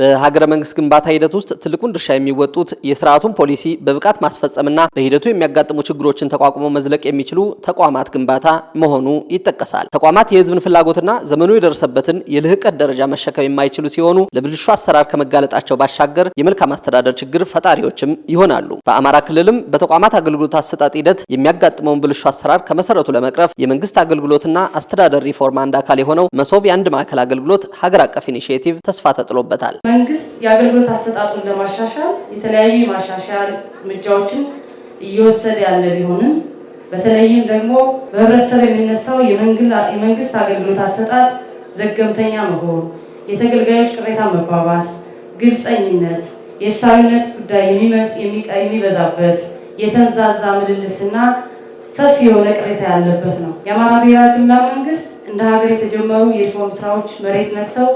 በሀገረ መንግስት ግንባታ ሂደት ውስጥ ትልቁን ድርሻ የሚወጡት የስርዓቱን ፖሊሲ በብቃት ማስፈጸምና በሂደቱ የሚያጋጥሙ ችግሮችን ተቋቁሞ መዝለቅ የሚችሉ ተቋማት ግንባታ መሆኑ ይጠቀሳል። ተቋማት የህዝብን ፍላጎትና ዘመኑ የደረሰበትን የልህቀት ደረጃ መሸከም የማይችሉ ሲሆኑ ለብልሹ አሰራር ከመጋለጣቸው ባሻገር የመልካም አስተዳደር ችግር ፈጣሪዎችም ይሆናሉ። በአማራ ክልልም በተቋማት አገልግሎት አሰጣጥ ሂደት የሚያጋጥመውን ብልሹ አሰራር ከመሰረቱ ለመቅረፍ የመንግስት አገልግሎትና አስተዳደር ሪፎርም አንድ አካል የሆነው መሶብ የአንድ ማዕከል አገልግሎት ሀገር አቀፍ ኢኒሽቲቭ ተስፋ ተጥሎበታል። መንግስት የአገልግሎት አሰጣጡን ለማሻሻል የተለያዩ የማሻሻያ እርምጃዎችን እየወሰደ ያለ ቢሆንም በተለይም ደግሞ በህብረተሰብ የሚነሳው የመንግስት አገልግሎት አሰጣጥ ዘገምተኛ መሆን፣ የተገልጋዮች ቅሬታ መባባስ፣ ግልፀኝነት፣ የፍትሐዊነት ጉዳይ የሚበዛበት የተንዛዛ ምልልስና ሰፊ የሆነ ቅሬታ ያለበት ነው። የአማራ ብሔራዊ ክልላዊ መንግስት እንደ ሀገር የተጀመሩ የሪፎርም ስራዎች መሬት ነክተው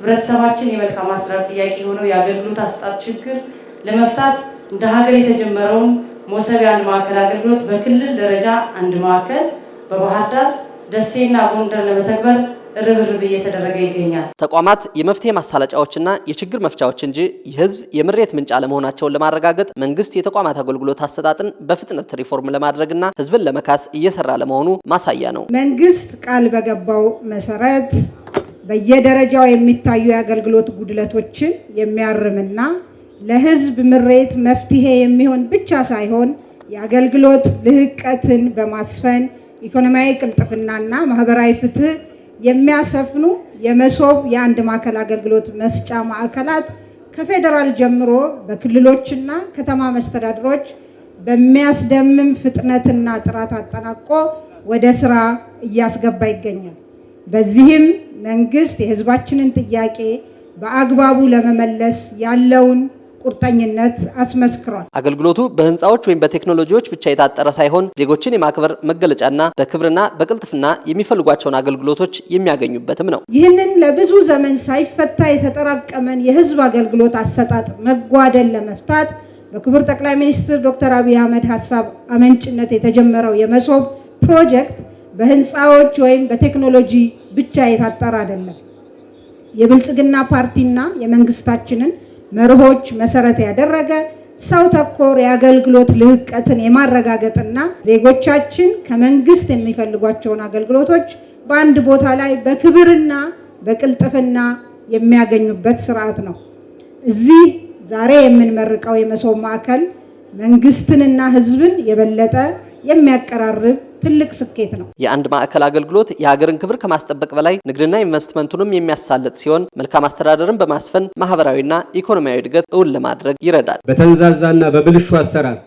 ህብረተሰባችን የመልካም አስተዳደር ጥያቄ የሆነው የአገልግሎት አሰጣጥ ችግር ለመፍታት እንደ ሀገር የተጀመረውን ሞሰብ የአንድ ማዕከል አገልግሎት በክልል ደረጃ አንድ ማዕከል በባህር ዳር፣ ደሴና ጎንደር ለመተግበር ርብርብ እየተደረገ ይገኛል። ተቋማት የመፍትሄ ማሳለጫዎችና የችግር መፍቻዎች እንጂ የህዝብ የምሬት ምንጭ አለመሆናቸውን ለማረጋገጥ መንግስት የተቋማት አገልግሎት አሰጣጥን በፍጥነት ሪፎርም ለማድረግና ህዝብን ለመካስ እየሰራ ለመሆኑ ማሳያ ነው። መንግስት ቃል በገባው መሰረት በየደረጃው የሚታዩ የአገልግሎት ጉድለቶችን የሚያርምና ለሕዝብ ምሬት መፍትሄ የሚሆን ብቻ ሳይሆን የአገልግሎት ልህቀትን በማስፈን ኢኮኖሚያዊ ቅልጥፍናና ማህበራዊ ፍትህ የሚያሰፍኑ የመሶብ የአንድ ማዕከል አገልግሎት መስጫ ማዕከላት ከፌዴራል ጀምሮ በክልሎችና ከተማ መስተዳድሮች በሚያስደምም ፍጥነትና ጥራት አጠናቆ ወደ ስራ እያስገባ ይገኛል። በዚህም መንግስት የህዝባችንን ጥያቄ በአግባቡ ለመመለስ ያለውን ቁርጠኝነት አስመስክሯል። አገልግሎቱ በህንፃዎች ወይም በቴክኖሎጂዎች ብቻ የታጠረ ሳይሆን ዜጎችን የማክበር መገለጫና በክብርና በቅልጥፍና የሚፈልጓቸውን አገልግሎቶች የሚያገኙበትም ነው። ይህንን ለብዙ ዘመን ሳይፈታ የተጠራቀመን የህዝብ አገልግሎት አሰጣጥ መጓደል ለመፍታት በክቡር ጠቅላይ ሚኒስትር ዶክተር አብይ አህመድ ሀሳብ አመንጭነት የተጀመረው የመሶብ ፕሮጀክት በህንፃዎች ወይም በቴክኖሎጂ ብቻ የታጠረ አይደለም። የብልጽግና ፓርቲና የመንግስታችንን መርሆች መሰረት ያደረገ ሰው ተኮር የአገልግሎት ልህቀትን የማረጋገጥና ዜጎቻችን ከመንግስት የሚፈልጓቸውን አገልግሎቶች በአንድ ቦታ ላይ በክብርና በቅልጥፍና የሚያገኙበት ስርዓት ነው። እዚህ ዛሬ የምንመርቀው የመሶብ ማዕከል መንግስትንና ህዝብን የበለጠ የሚያቀራርብ ትልቅ ስኬት ነው። የአንድ ማዕከል አገልግሎት የሀገርን ክብር ከማስጠበቅ በላይ ንግድና ኢንቨስትመንቱንም የሚያሳልጥ ሲሆን መልካም አስተዳደርን በማስፈን ማህበራዊና ኢኮኖሚያዊ እድገት እውን ለማድረግ ይረዳል። በተንዛዛና በብልሹ አሰራር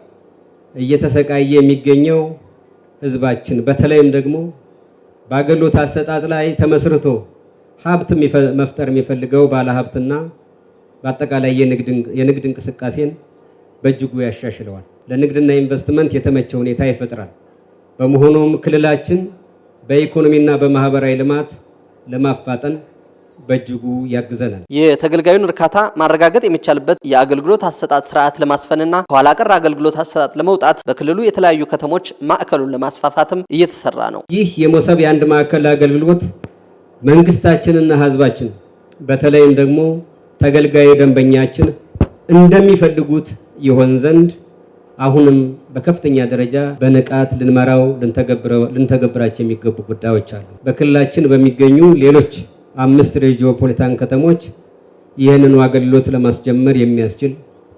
እየተሰቃየ የሚገኘው ህዝባችን በተለይም ደግሞ በአገልግሎት አሰጣጥ ላይ ተመስርቶ ሀብት መፍጠር የሚፈልገው ባለሀብትና በአጠቃላይ የንግድ እንቅስቃሴን በእጅጉ ያሻሽለዋል። ለንግድና ኢንቨስትመንት የተመቸ ሁኔታ ይፈጥራል። በመሆኑም ክልላችን በኢኮኖሚና በማህበራዊ ልማት ለማፋጠን በእጅጉ ያግዘናል። የተገልጋዩን እርካታ ማረጋገጥ የሚቻልበት የአገልግሎት አሰጣጥ ስርዓት ለማስፈንና ከኋላ ቀር አገልግሎት አሰጣጥ ለመውጣት በክልሉ የተለያዩ ከተሞች ማዕከሉን ለማስፋፋትም እየተሰራ ነው። ይህ የሞሰብ የአንድ ማዕከል አገልግሎት መንግስታችንና ህዝባችን በተለይም ደግሞ ተገልጋዩ ደንበኛችን እንደሚፈልጉት ይሆን ዘንድ አሁንም በከፍተኛ ደረጃ በንቃት ልንመራው ልንተገብራቸው የሚገቡ ጉዳዮች አሉ። በክልላችን በሚገኙ ሌሎች አምስት ሬጂዮፖሊታን ከተሞች ይህንን አገልግሎት ለማስጀመር የሚያስችል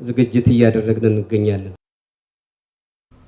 ዝግጅት እያደረግን እንገኛለን።